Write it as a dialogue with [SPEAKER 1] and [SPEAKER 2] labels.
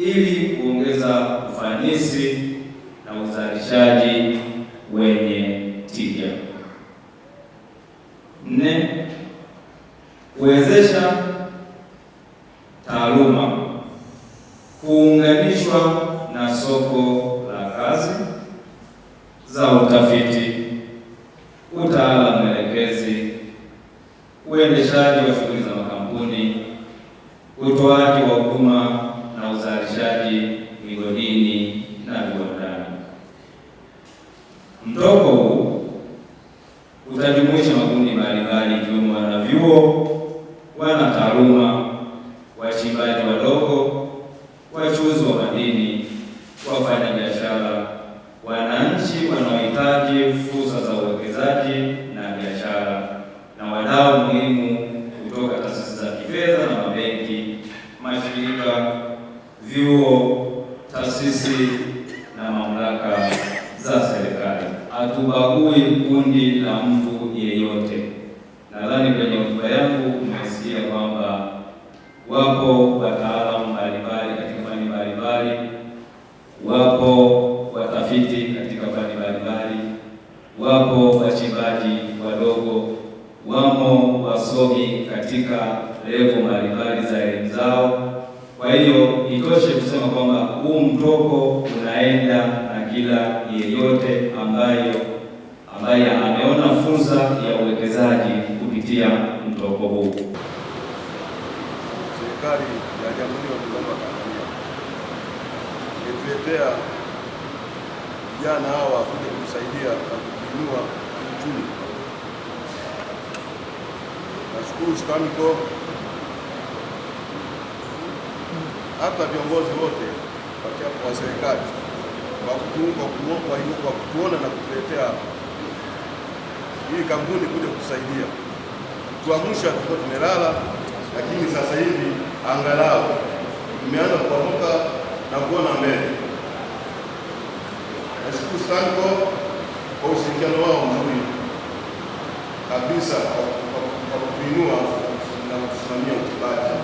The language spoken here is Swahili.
[SPEAKER 1] ili kuongeza ufanisi na uzalishaji wenye tija. Nne, kuwezesha taaluma kuunganishwa na soko la kazi za utafiti, utaalamu elekezi, uendeshaji wa shughuli za makampuni, utoaji wa huduma Mtoko huu utajumuisha makundi mbalimbali ikiwemo wanavyuo, wana taaluma, wachimbaji wadogo, wachuzi wa madini, wafanya biashara, wananchi wanaohitaji fursa za uwekezaji na biashara, na wadau muhimu kutoka taasisi za kifedha na mabenki, mashirika, vyuo, taasisi na mamlaka za hatubagui kundi la mtu yeyote. Nadhani kwenye hotuba yangu umesikia kwamba wapo wataalamu mbalimbali katika fani mbalimbali, wapo watafiti katika fani mbalimbali, wapo wachimbaji wadogo, wamo wasomi katika levo mbalimbali za elimu zao. Kwa hiyo itoshe kusema kwamba huu mtoko unaenda kabila yeyote ambayo ambaye ameona fursa ya uwekezaji kupitia mtoko huu.
[SPEAKER 2] Serikali ya Jamhuri ya Muungano wa Tanzania imetuletea vijana hawa kuja kusaidia na kutuinua kiuchumi. Nashukuru STAMICO hata viongozi wote wa serikali kwa kutuona na kutuletea hii kampuni kuja kutusaidia. Tuamsha tulikuwa tumelala, lakini sasa hivi angalau tumeanza kuamka na kuona mbele. Nashukuru STANCO kwa ushirikiano wao mzuri kabisa kwa kuinua na kusimamia utibaji.